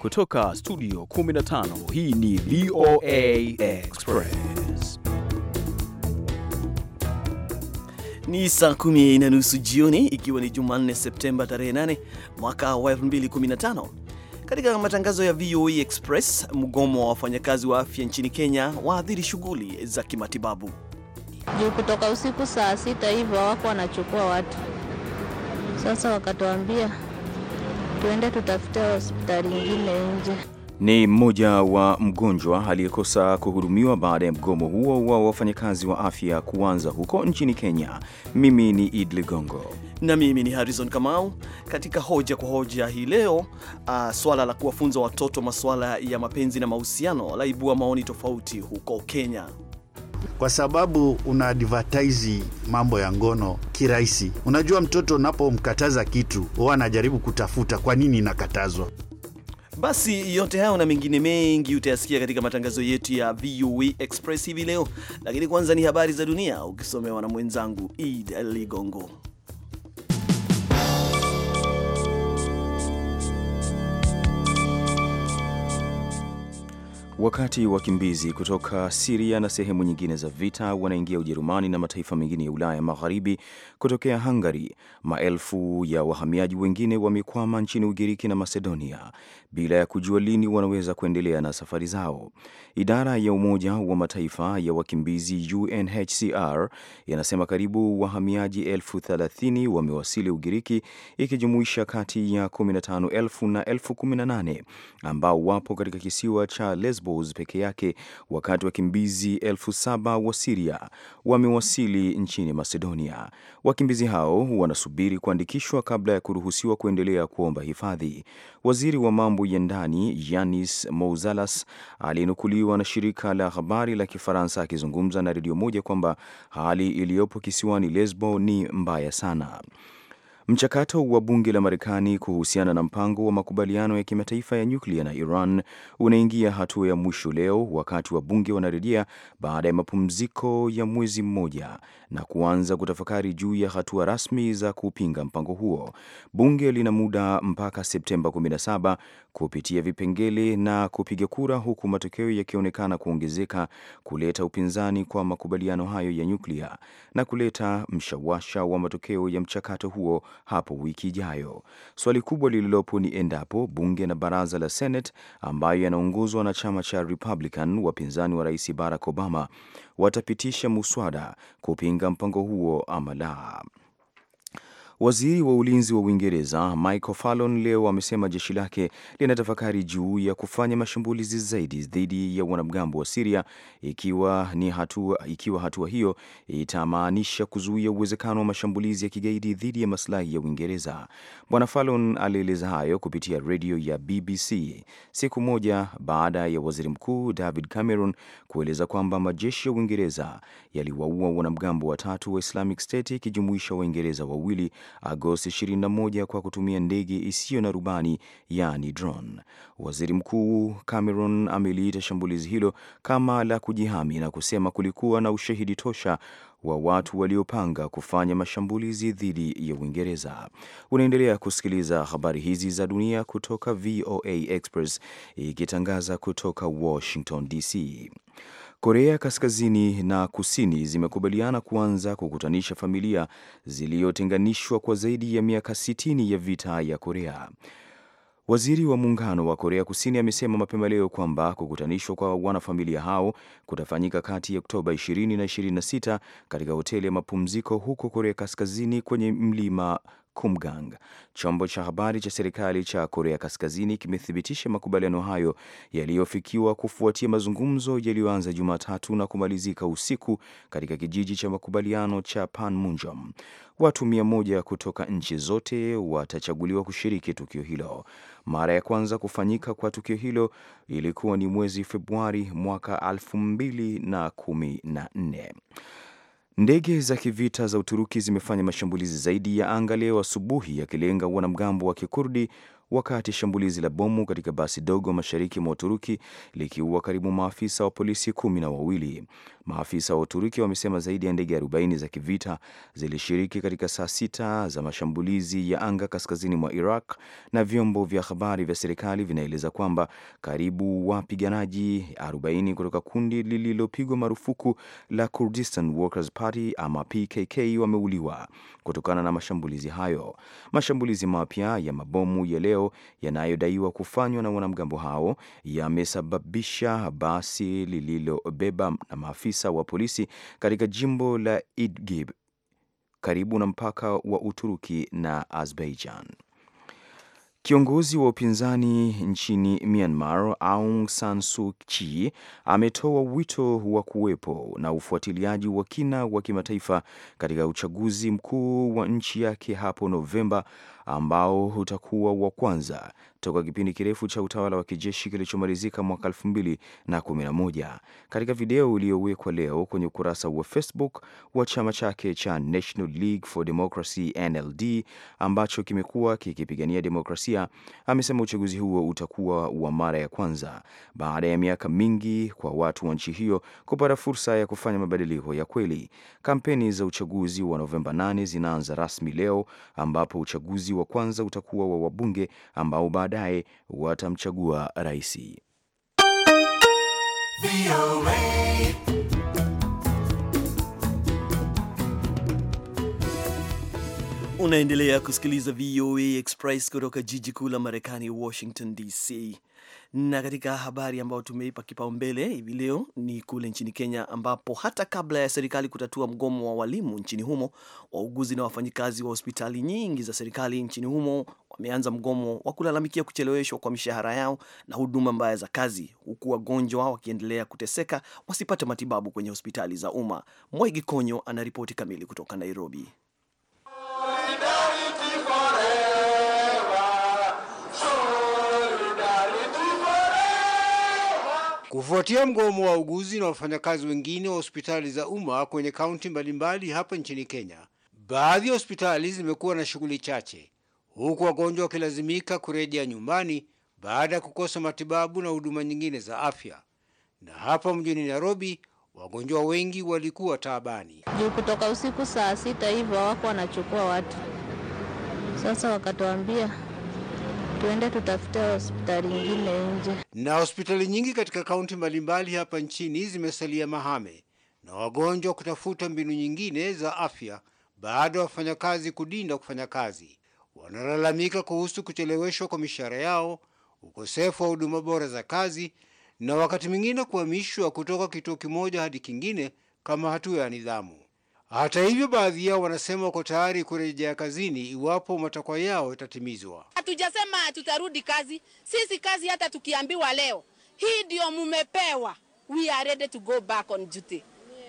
Kutoka studio 15 hii ni VOA Express. Ni saa kumi na nusu jioni ikiwa ni Jumanne Septemba tarehe 8 mwaka wa 2015. Katika matangazo ya VOA Express, mgomo wa wafanyakazi wa afya nchini Kenya waathiri shughuli za kimatibabu. Juu kutoka usiku saa sita hivyo hawako wanachukua watu, sasa wakatuambia tuende tutafute hospitali ingine nje. Ni mmoja wa mgonjwa aliyekosa kuhudumiwa baada ya mgomo huo wa wafanyakazi wa afya kuanza huko nchini Kenya. Mimi ni Id Ligongo na mimi ni Harrison Kamau. Katika hoja kwa hoja hii leo, uh, swala la kuwafunza watoto masuala ya mapenzi na mahusiano laibua maoni tofauti huko Kenya kwa sababu una advertise mambo ya ngono kirahisi. Unajua, mtoto unapomkataza kitu huwa anajaribu kutafuta kwa nini inakatazwa. Basi yote hayo na mengine mengi utayasikia katika matangazo yetu ya VOA e Express hivi leo, lakini kwanza ni habari za dunia ukisomewa na mwenzangu ed Ligongo. Wakati wakimbizi kutoka Siria na sehemu nyingine za vita wanaingia Ujerumani na mataifa mengine ya Ulaya Magharibi kutokea Hungary, maelfu ya wahamiaji wengine wamekwama nchini Ugiriki na Macedonia bila ya kujua lini wanaweza kuendelea na safari zao. Idara ya Umoja wa Mataifa ya wakimbizi UNHCR inasema karibu wahamiaji elfu thelathini wamewasili Ugiriki, ikijumuisha kati ya 15,000 na 18,000 ambao wapo katika kisiwa cha Lesbos peke yake, wakati wakimbizi elfu saba wa Siria wamewasili nchini Macedonia. Wakimbizi hao wanasubiri kuandikishwa kabla ya kuruhusiwa kuendelea kuomba hifadhi. Waziri wa mambo ya ndani Yanis Mouzalas alinukuliwa alinukuliwa na shirika la habari la Kifaransa akizungumza na redio moja kwamba hali iliyopo kisiwani Lesbo ni mbaya sana. Mchakato wa bunge la Marekani kuhusiana na mpango wa makubaliano ya kimataifa ya nyuklia na Iran unaingia hatua ya mwisho leo, wakati wa bunge wanarejea baada ya mapumziko ya mwezi mmoja na kuanza kutafakari juu ya hatua rasmi za kupinga mpango huo. Bunge lina muda mpaka Septemba 17 kupitia vipengele na kupiga kura, huku matokeo yakionekana kuongezeka kuleta upinzani kwa makubaliano hayo ya nyuklia na kuleta mshawasha wa matokeo ya mchakato huo hapo wiki ijayo. Swali kubwa lililopo ni endapo bunge na baraza la Senate ambayo yanaongozwa na chama cha Republican, wapinzani wa rais Barack Obama, watapitisha muswada kupinga mpango huo ama la. Waziri wa ulinzi wa Uingereza Michael Fallon leo amesema jeshi lake linatafakari juu ya kufanya mashambulizi zaidi dhidi ya wanamgambo wa Siria ikiwa ni hatua, ikiwa hatua hiyo itamaanisha kuzuia uwezekano wa mashambulizi ya kigaidi dhidi ya masilahi ya Uingereza. Bwana Fallon alieleza hayo kupitia redio ya BBC siku moja baada ya waziri mkuu David Cameron kueleza kwamba majeshi ya Uingereza yaliwaua wanamgambo watatu wa Islamic State ikijumuisha Waingereza wawili Agosti 21 kwa kutumia ndege isiyo na rubani, yani drone. Waziri Mkuu Cameron ameliita shambulizi hilo kama la kujihami na kusema kulikuwa na ushahidi tosha wa watu waliopanga kufanya mashambulizi dhidi ya Uingereza. Unaendelea kusikiliza habari hizi za dunia kutoka VOA Express ikitangaza kutoka Washington DC. Korea Kaskazini na Kusini zimekubaliana kuanza kukutanisha familia zilizotenganishwa kwa zaidi ya miaka 60 ya vita ya Korea. Waziri wa muungano wa Korea Kusini amesema mapema leo kwamba kukutanishwa kwa wanafamilia hao kutafanyika kati ya Oktoba 20 na 26 katika hoteli ya mapumziko huko Korea Kaskazini kwenye mlima Kumgang. Chombo cha habari cha serikali cha Korea Kaskazini kimethibitisha makubaliano hayo yaliyofikiwa kufuatia mazungumzo yaliyoanza Jumatatu na kumalizika usiku katika kijiji cha makubaliano cha Panmunjom. Watu mia moja kutoka nchi zote watachaguliwa kushiriki tukio hilo. Mara ya kwanza kufanyika kwa tukio hilo ilikuwa ni mwezi Februari mwaka 2014. Ndege za kivita za Uturuki zimefanya mashambulizi zaidi ya anga leo asubuhi, yakilenga wanamgambo wa Kikurdi wakati shambulizi la bomu katika basi dogo mashariki mwa Uturuki likiua karibu maafisa wa polisi kumi na wawili. Maafisa wa Uturuki wamesema zaidi ya ndege 40 za kivita zilishiriki katika saa sita za mashambulizi ya anga kaskazini mwa Iraq, na vyombo vya habari vya serikali vinaeleza kwamba karibu wapiganaji 40 kutoka kundi lililopigwa marufuku la Kurdistan Workers Party ama PKK wameuliwa kutokana na mashambulizi hayo. Mashambulizi mapya ya mabomu ya leo maendeleo yanayodaiwa kufanywa na wanamgambo hao yamesababisha basi lililobeba na maafisa wa polisi katika jimbo la Idlib karibu na mpaka wa Uturuki na Azerbaijan Kiongozi wa upinzani nchini Myanmar, Aung San Suu Kyi, ametoa wito wa kuwepo na ufuatiliaji wa kina wa kimataifa katika uchaguzi mkuu wa nchi yake hapo Novemba ambao utakuwa wa kwanza toka kipindi kirefu cha utawala wa kijeshi kilichomalizika mwaka 2011. Katika video iliyowekwa leo kwenye ukurasa wa Facebook wa chama chake cha National League for Democracy NLD ambacho kimekuwa kikipigania demokrasia, amesema uchaguzi huo utakuwa wa mara ya kwanza baada ya miaka mingi kwa watu wa nchi hiyo kupata fursa ya kufanya mabadiliko ya kweli. Kampeni za uchaguzi wa Novemba 8 zinaanza rasmi leo ambapo uchaguzi wa kwanza utakuwa wa wabunge ambao baadaye watamchagua raisi. Unaendelea kusikiliza VOA Express kutoka jiji kuu la Marekani, Washington DC. Na katika habari ambayo tumeipa kipaumbele hivi leo ni kule nchini Kenya, ambapo hata kabla ya serikali kutatua mgomo wa walimu nchini humo, wauguzi na wafanyikazi wa hospitali nyingi za serikali nchini humo wameanza mgomo wa kulalamikia kucheleweshwa kwa mishahara yao na huduma mbaya za kazi, huku wagonjwa wakiendelea kuteseka wasipate matibabu kwenye hospitali za umma. Mwaigi Konyo anaripoti kamili kutoka Nairobi. Kufuatia mgomo wa uguzi na wafanyakazi wengine wa hospitali za umma kwenye kaunti mbalimbali hapa nchini Kenya, baadhi ya hospitali zimekuwa na shughuli chache, huku wagonjwa wakilazimika kurejea nyumbani baada ya kukosa matibabu na huduma nyingine za afya. Na hapa mjini Nairobi, wagonjwa wengi walikuwa taabani juu kutoka usiku saa sita hivyo hawako wanachukua watu, sasa wakatuambia tuende tutafute hospitali nyingine nje. Na hospitali nyingi katika kaunti mbalimbali hapa nchini zimesalia mahame na wagonjwa kutafuta mbinu nyingine za afya baada ya wafanyakazi kudinda kufanya kazi. Wanalalamika kuhusu kucheleweshwa kwa mishahara yao, ukosefu wa huduma bora za kazi na wakati mwingine kuhamishwa kutoka kituo kimoja hadi kingine kama hatua ya nidhamu. Hata hivyo, baadhi yao wanasema wako tayari kurejea kazini iwapo matakwa yao yatatimizwa. Hatujasema tutarudi kazi, sisi kazi hata tukiambiwa leo hii ndio mumepewa, we are ready to go back on duty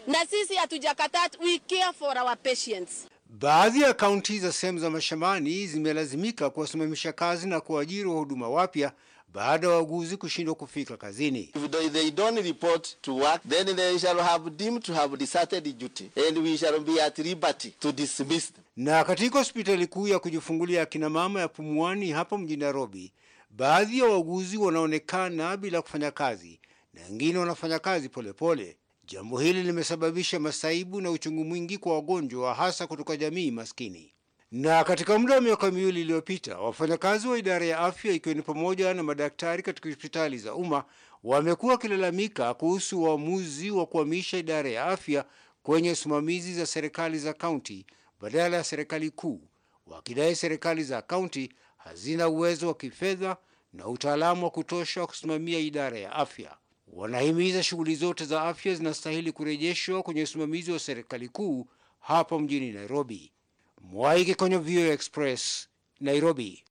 na sisi hatujakataa, we care for our patients. Baadhi ya kaunti za sehemu za mashambani zimelazimika kuwasimamisha kazi na kuajiri wahuduma wapya baada ya wauguzi kushindwa kufika kazini. If they don't report to work then they shall have deemed to have deserted duty and we shall be at liberty to dismiss them. Na katika hospitali kuu ya kujifungulia akina mama ya Pumwani hapa mjini Nairobi, baadhi ya wauguzi wanaonekana bila kufanya kazi na wengine wanafanya kazi polepole. Jambo hili limesababisha masaibu na uchungu mwingi kwa wagonjwa, hasa kutoka jamii maskini. Na katika muda wa miaka miwili iliyopita, wafanyakazi wa idara ya afya ikiwa ni pamoja na madaktari katika hospitali za umma wamekuwa wakilalamika kuhusu uamuzi wa, kuhamisha idara ya afya kwenye usimamizi za serikali za kaunti badala ya serikali kuu, wakidai serikali za kaunti hazina uwezo wa kifedha na utaalamu wa kutosha wa kusimamia idara ya afya. Wanahimiza shughuli zote za afya zinastahili kurejeshwa kwenye usimamizi wa serikali kuu hapa mjini Nairobi. Mwaige kwenye VOA Express Nairobi.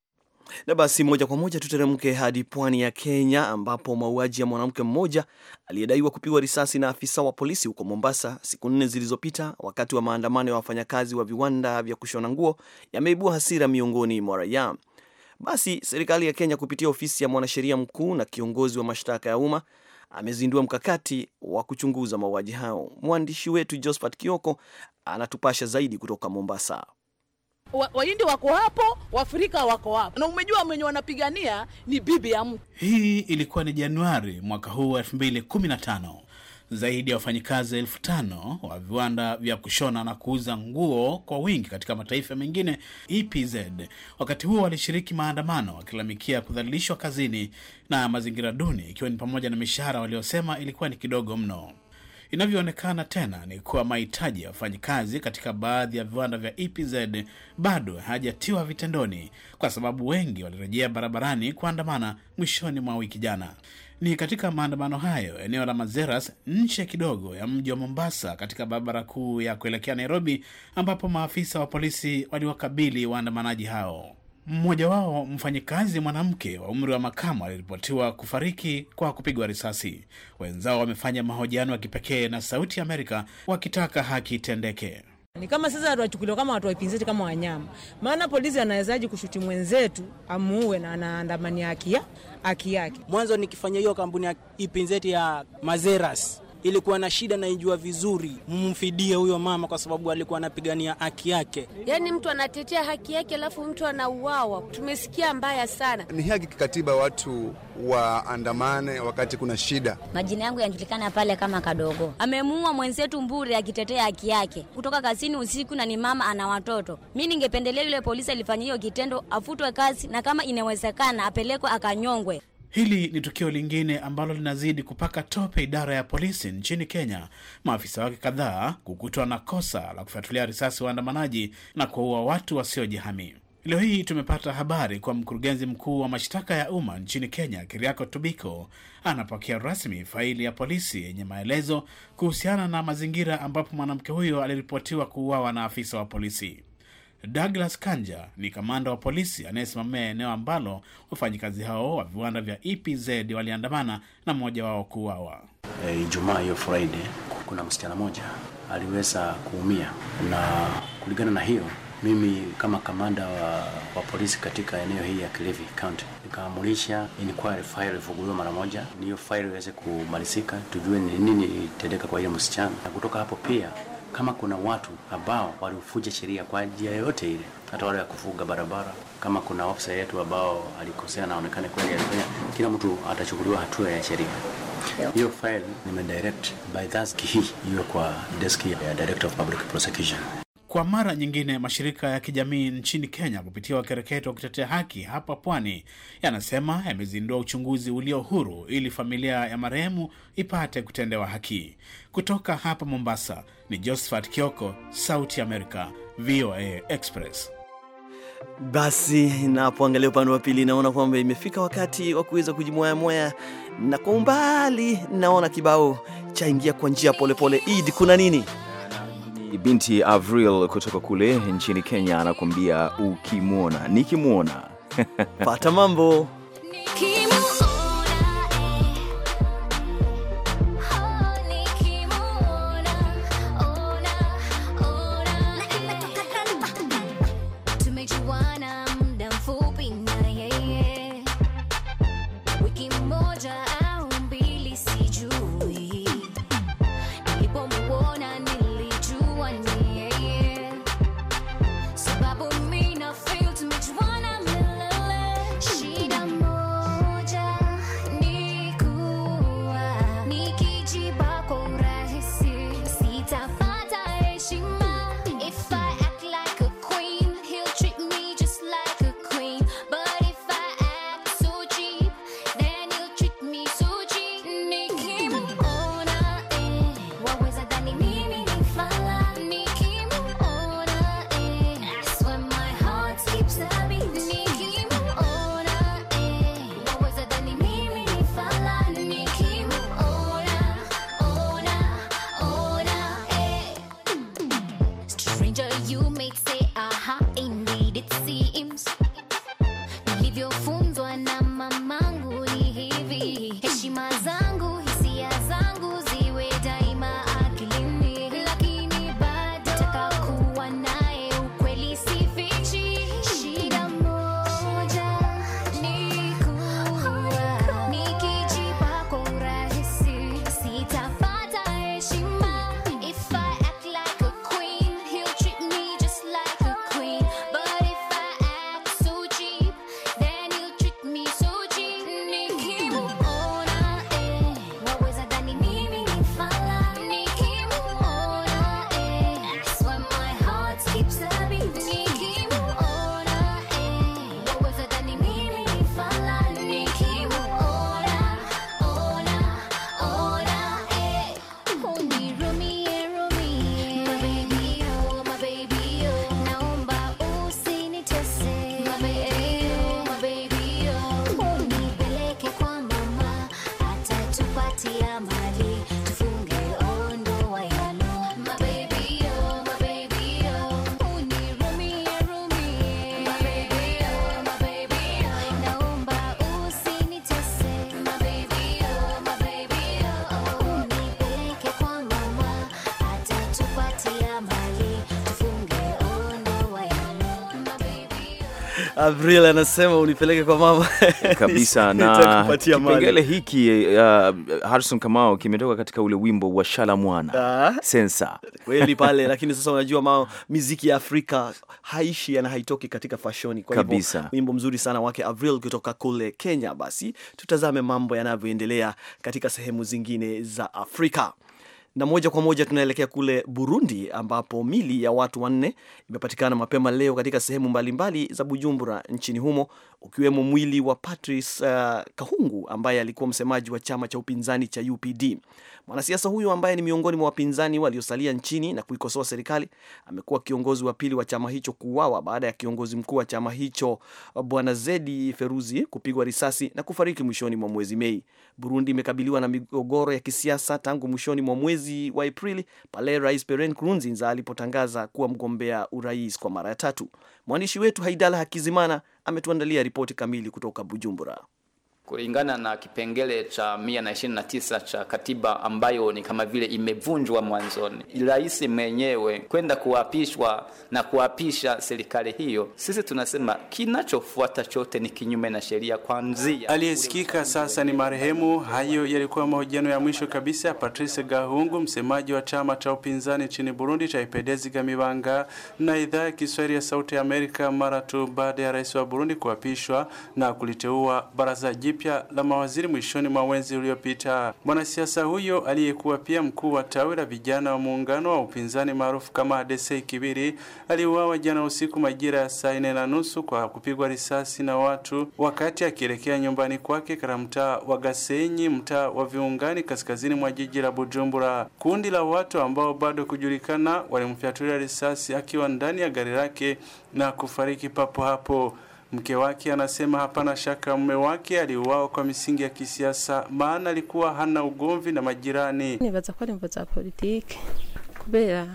Na basi moja kwa moja tuteremke hadi pwani ya Kenya ambapo mauaji ya mwanamke mmoja aliyedaiwa kupigwa risasi na afisa wa polisi huko Mombasa siku nne zilizopita wakati wa maandamano ya wafanyakazi wa viwanda vya kushona nguo yameibua hasira miongoni mwa raia. Basi serikali ya Kenya kupitia ofisi ya mwanasheria mkuu na kiongozi wa mashtaka ya umma amezindua mkakati wa kuchunguza mauaji hayo. Mwandishi wetu Josephat Kioko anatupasha zaidi kutoka Mombasa. Wahindi wako hapo, Waafrika wako hapo, na umejua mwenye wanapigania ni bibi ya mtu. Hii ilikuwa ni Januari mwaka huu wa 2015. Zaidi ya wafanyikazi elfu tano wa viwanda vya kushona na kuuza nguo kwa wingi katika mataifa mengine EPZ wakati huo walishiriki maandamano wakilalamikia kudhalilishwa kazini na mazingira duni, ikiwa ni pamoja na mishahara waliosema ilikuwa ni kidogo mno. Inavyoonekana tena ni kuwa mahitaji ya wafanyikazi katika baadhi ya viwanda vya EPZ bado hajatiwa vitendoni, kwa sababu wengi walirejea barabarani kuandamana mwishoni mwa wiki jana. Ni katika maandamano hayo eneo la Mazeras, nje kidogo ya mji wa Mombasa, katika barabara kuu ya kuelekea Nairobi, ambapo maafisa wa polisi waliwakabili waandamanaji hao. Mmoja wao mfanyikazi mwanamke wa umri wa makamu aliripotiwa kufariki kwa kupigwa risasi. Wenzao wamefanya mahojiano ya kipekee na Sauti ya Amerika wakitaka haki itendeke. Ni kama sasa atuachukuliwa kama watu wa ipinzeti kama wanyama, maana polisi anawezaji kushuti mwenzetu amuue na anaandamania haki yake? Mwanzo nikifanya hiyo kampuni ya ipinzeti ya Mazeras ilikuwa na shida, naijua vizuri, mumfidie huyo mama kwa sababu alikuwa anapigania haki yake. Yaani mtu anatetea haki yake alafu mtu anauawa, tumesikia mbaya sana. Ni haki kikatiba watu waandamane wakati kuna shida. Majina yangu yanajulikana pale kama Kadogo. Amemuua mwenzetu Mbure akitetea haki yake, kutoka kazini usiku, na ni mama ana watoto. Mi ningependelea yule polisi alifanya hiyo kitendo afutwe kazi, na kama inawezekana apelekwe akanyongwe. Hili ni tukio lingine ambalo linazidi kupaka tope idara ya polisi nchini Kenya, maafisa wake kadhaa kukutwa na kosa la kufuatulia risasi waandamanaji na kuwaua watu wasiojihami. Leo hii tumepata habari kuwa mkurugenzi mkuu wa mashtaka ya umma nchini Kenya, kiriako Tubiko anapokea rasmi faili ya polisi yenye maelezo kuhusiana na mazingira ambapo mwanamke huyo aliripotiwa kuuawa na afisa wa polisi. Douglas Kanja ni kamanda wa polisi anayesimamia eneo ambalo wafanyikazi hao wa viwanda vya EPZ waliandamana na mmoja wao kuuawa e, Ijumaa hiyo Friday. Kuna msichana mmoja aliweza kuumia, na kulingana na hiyo, mimi kama kamanda wa, wa polisi katika eneo hii ya Kilifi County nikaamulisha inquiry file ifunguliwe mara moja, niyo file iweze kumalizika, tujue ni nini ilitendeka kwa ile msichana, na kutoka hapo pia kama kuna watu ambao walifuja sheria kwa njia yoyote ile, hata wale ya kufunga barabara, kama kuna ofisa yetu ambao alikosea na kweli alifanya, kila mtu atachukuliwa hatua ya sheria. Hiyo file nimedirect by hii hiyo kwa deski ya Director of Public Prosecution. Kwa mara nyingine mashirika ya kijamii nchini Kenya kupitia wakereketo wa kutetea haki hapa pwani yanasema yamezindua uchunguzi ulio huru ili familia ya marehemu ipate kutendewa haki. Kutoka hapa Mombasa ni Josephat Kioko, Sauti Amerika, VOA Express. Basi napoangalia upande wa pili, naona kwamba imefika wakati wa kuweza kujimwayamwaya, na kwa umbali naona kibao chaingia kwa njia polepole. Idi, kuna nini? binti Avril kutoka kule nchini Kenya anakuambia ukimwona, nikimwona pata mambo Avril anasema unipeleke kwa mama kabisa na kipengele hiki uh, Harrison Kamao kimetoka katika ule wimbo wa Shala Mwana Sensa kweli pale, lakini sasa unajua mama, miziki ya Afrika haishi na haitoki katika fashoni. Kwa hivyo wimbo mzuri sana wake Avril kutoka kule Kenya. Basi tutazame mambo yanavyoendelea katika sehemu zingine za Afrika. Na moja kwa moja tunaelekea kule Burundi ambapo mili ya watu wanne imepatikana mapema leo katika sehemu mbalimbali za Bujumbura nchini humo ukiwemo mwili wa Patrice uh, Kahungu ambaye alikuwa msemaji wa chama cha upinzani cha UPD. Mwanasiasa huyo ambaye ni miongoni mwa wapinzani waliosalia nchini na kuikosoa serikali amekuwa kiongozi wa pili wa chama hicho kuuawa baada ya kiongozi mkuu wa chama hicho Bwana Zedi Feruzi kupigwa risasi na kufariki mwishoni mwa mwezi Mei. Burundi imekabiliwa na migogoro ya kisiasa tangu mwishoni mwa mwezi wa Aprili pale Rais Pierre Nkurunziza alipotangaza kuwa mgombea urais kwa mara ya tatu. Mwandishi wetu Haidala Hakizimana ametuandalia ripoti kamili kutoka Bujumbura kulingana na kipengele cha 129 cha katiba ambayo ni kama vile imevunjwa mwanzoni. Rais mwenyewe kwenda kuapishwa na kuapisha serikali hiyo, sisi tunasema kinachofuata chote ni kinyume na sheria. Kwanzia aliyesikika sasa ni marehemu. Hayo yalikuwa mahojiano ya mwisho kabisa Patrice Gahungu, msemaji wa chama cha upinzani nchini Burundi cha Ipedezi Gamibanga, na idhaa ya Kiswahili ya Sauti ya Amerika mara tu baada ya rais wa Burundi kuapishwa na kuliteua baraza jipya jipya la mawaziri mwishoni mwa wenzi uliopita. Mwanasiasa huyo aliyekuwa pia mkuu wa tawi la vijana wa muungano wa upinzani maarufu kama Adesei Kibiri aliuawa jana usiku majira ya saa nne na nusu kwa kupigwa risasi na watu wakati akielekea nyumbani kwake katika mtaa wa Gasenyi, mtaa wa Viungani, kaskazini mwa jiji la Bujumbura. Kundi la watu ambao bado kujulikana walimfyatulia risasi akiwa ndani ya gari lake na kufariki papo hapo. Mke wake anasema hapana shaka mume wake aliuawa kwa misingi ya kisiasa, maana alikuwa hana ugomvi na majirani. Nibaza kwa ari mvuza kubera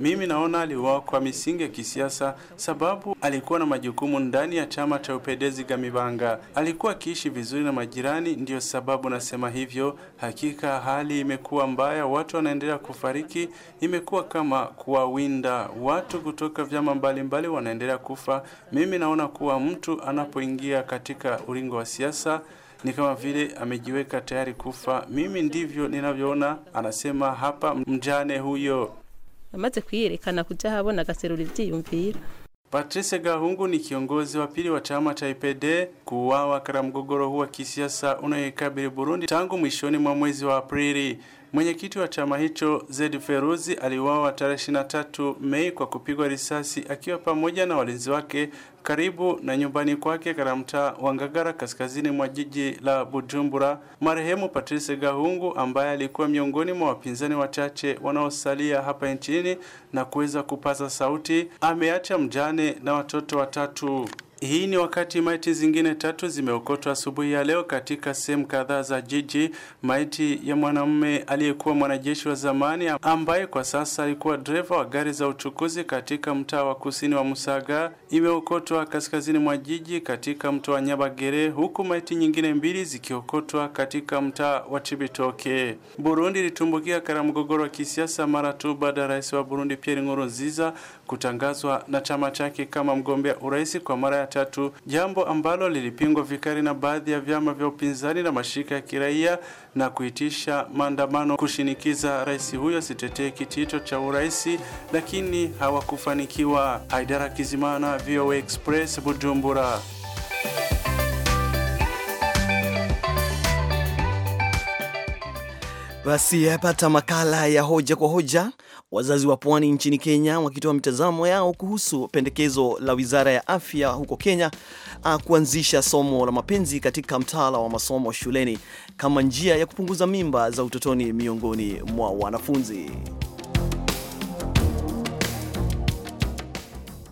mimi naona aliuawa kwa misingi ya kisiasa, sababu alikuwa na majukumu ndani ya chama cha upedezi Gamibanga. Alikuwa akiishi vizuri na majirani, ndiyo sababu nasema hivyo. Hakika hali imekuwa mbaya, watu wanaendelea kufariki, imekuwa kama kuwawinda watu kutoka vyama mbalimbali, wanaendelea kufa. Mimi naona kuwa mtu anapoingia katika ulingo wa siasa ni kama vile amejiweka tayari kufa. Mimi ndivyo ninavyoona, anasema hapa mjane huyo amaze kwiyerekana kuja habona agaserura ivyiyumvira Patrice Gahungu ni kiongozi wa pili wa chama cha IPD kuuawa katika mgogoro huu wa kisiasa unaoikabili Burundi tangu mwishoni mwa mwezi wa Aprili. Mwenyekiti wa chama hicho Zedi Feruzi aliuawa tarehe 23 Mei kwa kupigwa risasi akiwa pamoja na walinzi wake karibu na nyumbani kwake katika mtaa wa Ngagara kaskazini mwa jiji la Bujumbura. Marehemu Patrice Gahungu ambaye alikuwa miongoni mwa wapinzani wachache wanaosalia hapa nchini na kuweza kupaza sauti, ameacha mjane na watoto watatu. Hii ni wakati maiti zingine tatu zimeokotwa asubuhi ya leo katika sehemu kadhaa za jiji. Maiti ya mwanamume aliyekuwa mwanajeshi wa zamani ambaye kwa sasa alikuwa dreva wa gari za uchukuzi katika mtaa wa kusini wa Musaga imeokotwa kaskazini mwa jiji katika mto wa Nyabagere, huku maiti nyingine mbili zikiokotwa katika mtaa wa Chibitoke. Burundi ilitumbukia katika mgogoro wa kisiasa mara tu baada ya rais wa Burundi Pierre Nkurunziza kutangazwa na chama chake kama mgombea urais kwa mara ya tatu, jambo ambalo lilipingwa vikali na baadhi ya vyama vya upinzani na mashirika ya kiraia na kuitisha maandamano kushinikiza rais huyo asitetee kiti hicho cha urais, lakini hawakufanikiwa. Haidara Kizimana, VOA Express, Bujumbura. Basi yapata makala ya hoja kwa hoja Wazazi wa pwani nchini Kenya wakitoa mitazamo yao kuhusu pendekezo la Wizara ya Afya huko Kenya ah, kuanzisha somo la mapenzi katika mtaala wa masomo shuleni kama njia ya kupunguza mimba za utotoni miongoni mwa wanafunzi.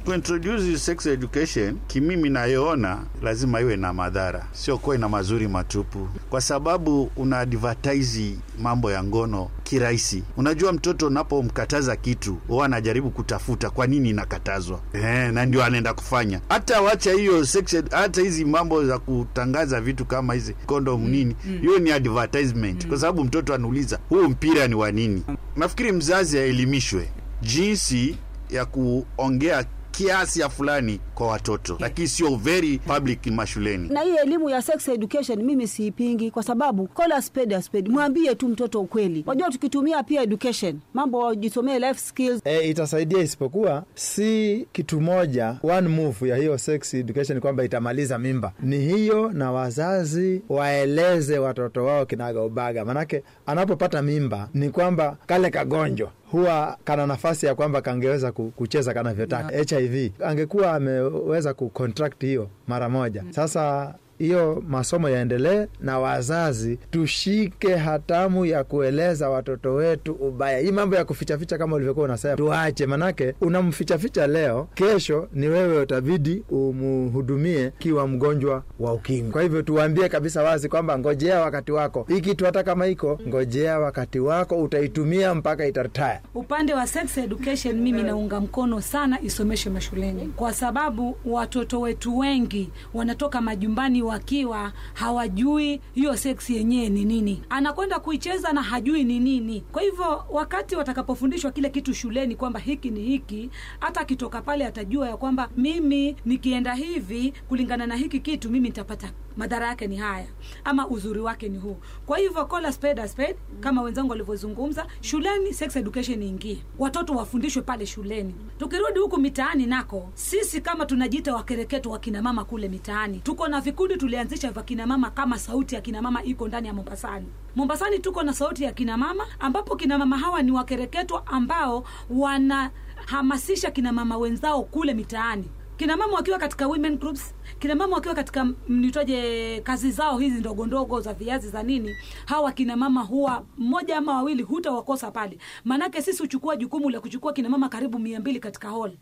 Kuintroduce sex education kimimi nayoona lazima iwe na madhara, sio kuwa ina mazuri matupu, kwa sababu una advertise mambo ya ngono kirahisi. Unajua, mtoto unapomkataza kitu huwa anajaribu kutafuta kwa nini inakatazwa, eh, na ndio anaenda kufanya. Hata wacha hiyo sex, hata hizi mambo za kutangaza vitu kama hizi kondom mm, nini, mm. hiyo mm. ni advertisement mm. kwa sababu mtoto anauliza huu mpira ni wa nini. Nafikiri mzazi aelimishwe jinsi ya kuongea kiasi ya fulani kwa watoto, lakini sio very public mashuleni. Na hii elimu ya sex education mimi siipingi, kwa sababu call sped mwambie tu mtoto ukweli. wajua tukitumia pia education mambo wajisomee life skills e, itasaidia, isipokuwa si kitu moja one move ya hiyo sex education kwamba itamaliza mimba. Ni hiyo, na wazazi waeleze watoto wao kinaga ubaga, manake anapopata mimba ni kwamba kale kagonjwa huwa kana nafasi ya kwamba kangeweza kucheza kanavyotaka. HIV angekuwa ameweza kucontract hiyo mara moja. Mm. Sasa hiyo masomo yaendelee, na wazazi tushike hatamu ya kueleza watoto wetu ubaya. Hii mambo ya kufichaficha kama ulivyokuwa unasema tuache, manake unamfichaficha leo, kesho ni wewe utabidi umuhudumie kiwa mgonjwa wa ukimwi. Kwa hivyo tuwaambie kabisa wazi kwamba ngojea wakati wako, hiki tu hata kama iko ngojea wakati wako, utaitumia mpaka itataya. Upande wa sex education, mimi naunga mkono sana isomeshwe mashuleni, kwa sababu watoto wetu wengi wanatoka majumbani wakiwa hawajui hiyo seksi yenyewe ni nini, anakwenda kuicheza na hajui ni nini. Kwa hivyo wakati watakapofundishwa kile kitu shuleni kwamba hiki ni hiki, hata akitoka pale atajua ya kwamba mimi nikienda hivi kulingana na hiki kitu mimi nitapata madhara yake ni haya ama uzuri wake ni huu. Kwa hivyo call a spade a spade, mm. kama wenzangu walivyozungumza, shuleni sex education ingie, watoto wafundishwe pale shuleni. Tukirudi huku mitaani nako, sisi kama tunajiita wakereketo wakina mama kule mitaani, tuko na vikundi tulianzisha vya kina mama kama sauti ya kina mama iko ndani ya Mombasani. Mombasani tuko na sauti ya kina mama, ambapo kina mama hawa ni wakereketo ambao wanahamasisha kina mama wenzao kule mitaani. Kina mama wakiwa katika women groups kina mama wakiwa katika mnitoje kazi zao hizi ndogo ndogo za viazi za nini, hawa kina mama huwa mmoja ama wawili hutawakosa pale, maanake sisi huchukua jukumu la kuchukua kina mama karibu mia mbili katika hall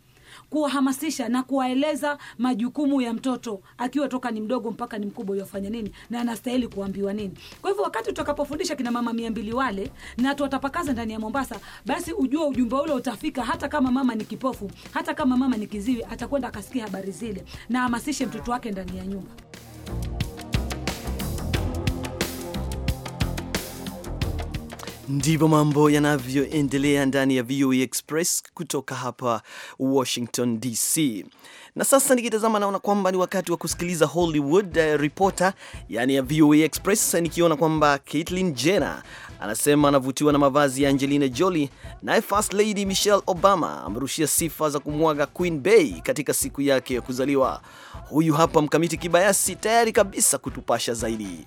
kuwahamasisha na kuwaeleza majukumu ya mtoto akiwa toka ni mdogo mpaka ni mkubwa, yafanya nini na anastahili kuambiwa nini. Kwa hivyo wakati utakapofundisha kina mama mia mbili wale na tuwatapakaza ndani ya Mombasa, basi ujua ujumbe ule utafika, hata kama mama ni kipofu, hata kama mama ni kiziwi, atakwenda akasikia habari zile na hamasishe mtoto wake ndani ya nyumba. Ndivyo mambo yanavyoendelea ndani ya VOA e Express kutoka hapa Washington DC. Na sasa nikitazama, naona kwamba ni wakati wa kusikiliza Hollywood uh, Reporter yani ya VOA e Express, nikiona kwamba Caitlyn Jenner anasema anavutiwa na mavazi ya Angelina Jolie, naye First Lady Michelle Obama amerushia sifa za kumwaga Queen Bey katika siku yake ya kuzaliwa. Huyu hapa Mkamiti Kibayasi tayari kabisa kutupasha zaidi.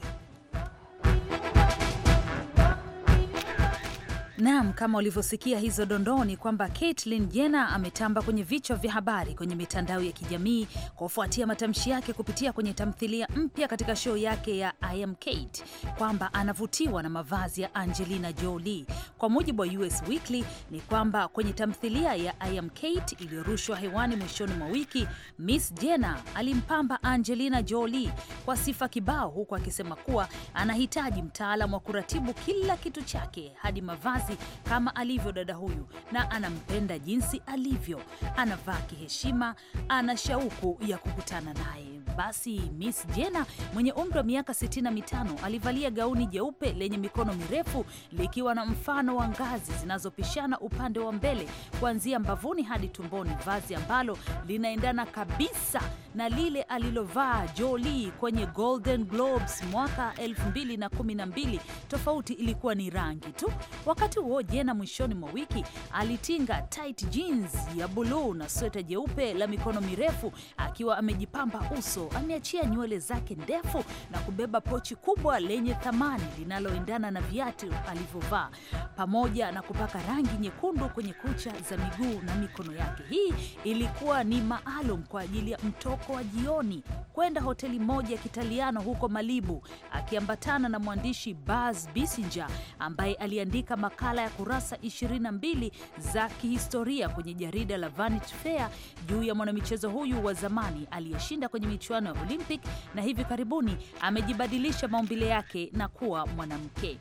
Naam, kama ulivyosikia hizo dondoo, ni kwamba Caitlyn Jenner ametamba kwenye vichwa vya habari kwenye mitandao ya kijamii kufuatia matamshi yake kupitia kwenye tamthilia mpya katika show yake ya I Am Kate kwamba anavutiwa na mavazi ya Angelina Jolie. Kwa mujibu wa US Weekly, ni kwamba kwenye tamthilia ya I Am Kate iliyorushwa hewani mwishoni mwa wiki, Miss Jenner alimpamba Angelina Jolie kwa sifa kibao, huku akisema kuwa anahitaji mtaalamu wa kuratibu kila kitu chake hadi mavazi jinsi kama alivyo dada huyu, na anampenda jinsi alivyo, anavaa kiheshima, ana shauku ya kukutana naye. Basi Miss Jena mwenye umri wa miaka sitini na mitano alivalia gauni jeupe lenye mikono mirefu likiwa na mfano wa ngazi zinazopishana upande wa mbele kuanzia mbavuni hadi tumboni, vazi ambalo linaendana kabisa na lile alilovaa Jolie kwenye Golden Globes mwaka 2012. Tofauti ilikuwa ni rangi tu. Wakati tu. Jena mwishoni mwa wiki alitinga tight jeans ya buluu na sweta jeupe la mikono mirefu akiwa amejipamba uso, ameachia nywele zake ndefu na kubeba pochi kubwa lenye thamani linaloendana na viatu alivyovaa pamoja na kupaka rangi nyekundu kwenye kucha za miguu na mikono yake. Hii ilikuwa ni maalum kwa ajili ya mtoko wa jioni kwenda hoteli moja ya kitaliano huko Malibu, akiambatana na mwandishi Buzz Bissinger ambaye aliandika makala makala ya kurasa 22 za kihistoria kwenye jarida la Vanity Fair juu ya mwanamichezo huyu wa zamani aliyeshinda kwenye michuano ya Olympic na hivi karibuni amejibadilisha maumbile yake na kuwa mwanamke.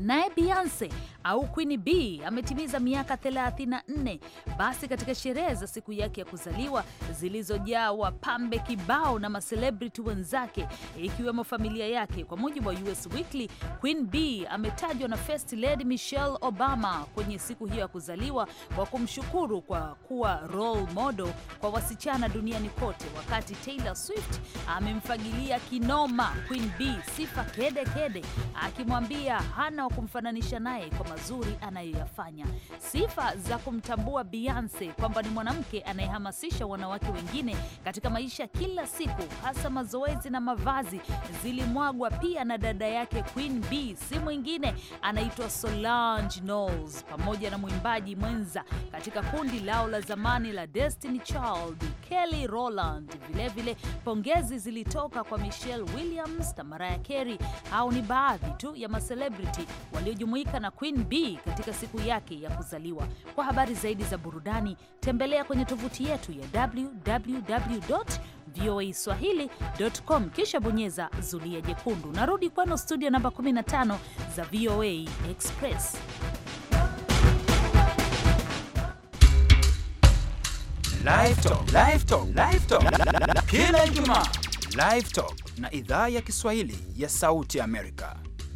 Naye Beyonce au Queen B ametimiza miaka 34. Basi katika sherehe za siku yake ya kuzaliwa zilizojawa pambe kibao na maselebriti wenzake ikiwemo familia yake, kwa mujibu wa US Weekly, Queen B ametajwa na First Lady Michelle Obama kwenye siku hiyo ya kuzaliwa kwa kumshukuru kwa kuwa role model kwa wasichana duniani kote, wakati Taylor Swift amemfagilia kinoma Queen B sifa kedekede akimwambia hana kumfananisha naye kwa mazuri anayoyafanya. Sifa za kumtambua Beyonce kwamba ni mwanamke anayehamasisha wanawake wengine katika maisha kila siku, hasa mazoezi na mavazi, zilimwagwa pia na dada yake Queen B, si mwingine anaitwa Solange Knowles, pamoja na mwimbaji mwenza katika kundi lao la zamani la Destiny Child, Kelly Rowland. Vilevile pongezi zilitoka kwa Michelle Williams na Mariah Carey. Hao ni baadhi tu ya macelebrity waliojumuika na Queen B katika siku yake ya kuzaliwa. Kwa habari zaidi za burudani, tembelea kwenye tovuti yetu ya www voa swahili.com, kisha bonyeza zulia jekundu. Narudi kwano studio namba 15 za VOA Express. Live Talk, Live Talk, Live Talk. Kila Ijumaa Live Talk na idhaa ya Kiswahili ya Sauti Amerika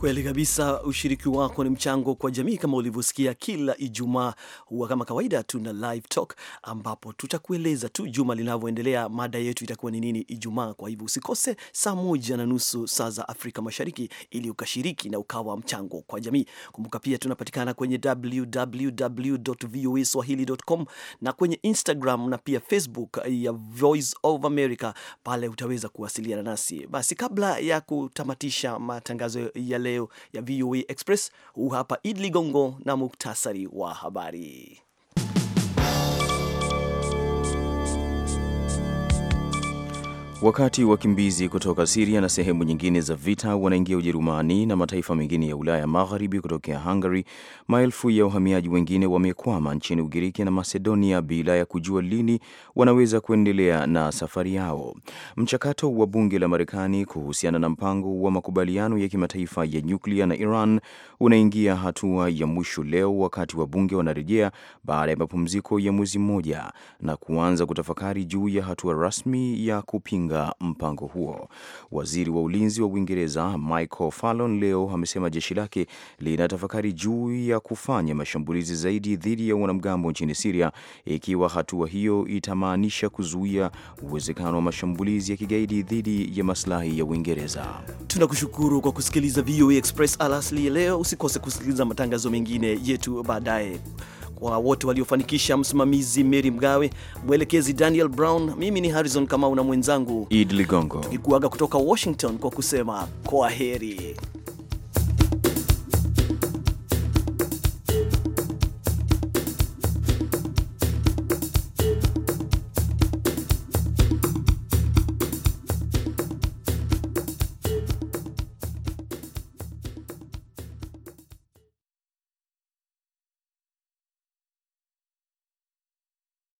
Kweli kabisa, ushiriki wako ni mchango kwa jamii. Kama ulivyosikia, kila Ijumaa huwa kama kawaida tuna live talk, ambapo tutakueleza tu juma linavyoendelea. Mada yetu itakuwa ni nini Ijumaa. Kwa hivyo usikose saa moja na nusu saa za Afrika Mashariki ili ukashiriki na ukawa mchango kwa jamii. Kumbuka pia tunapatikana kwenye www.voaswahili.com na kwenye Instagram na pia Facebook ya Voice of America, pale utaweza kuwasiliana nasi. Basi kabla ya kutamatisha matangazo ya leo ya VOA Express. Huu hapa Idli Gongo na muktasari wa habari. Wakati wakimbizi kutoka Siria na sehemu nyingine za vita wanaingia Ujerumani na mataifa mengine ya Ulaya Magharibi kutokea Hungary, maelfu ya wahamiaji wengine wamekwama nchini Ugiriki na macedonia bila ya kujua lini wanaweza kuendelea na safari yao. Mchakato wa bunge la Marekani kuhusiana na mpango wa makubaliano ya kimataifa ya nyuklia na Iran unaingia hatua ya mwisho leo, wakati wa bunge wanarejea baada ya mapumziko ya mwezi mmoja na kuanza kutafakari juu ya hatua rasmi ya kupinga kupinga mpango huo. Waziri wa ulinzi wa Uingereza Michael Fallon leo amesema jeshi lake linatafakari juu ya kufanya mashambulizi zaidi dhidi ya wanamgambo nchini Siria ikiwa hatua hiyo itamaanisha kuzuia uwezekano wa mashambulizi ya kigaidi dhidi ya maslahi ya Uingereza. Tunakushukuru kwa kusikiliza VOA e Express alasli leo. Usikose kusikiliza matangazo mengine yetu baadaye kwa wote waliofanikisha, msimamizi Mary Mgawe, mwelekezi Daniel Brown, mimi ni Harrison Kamau na mwenzangu Idi Ligongo, tukikuaga kutoka Washington kwa kusema kwa heri.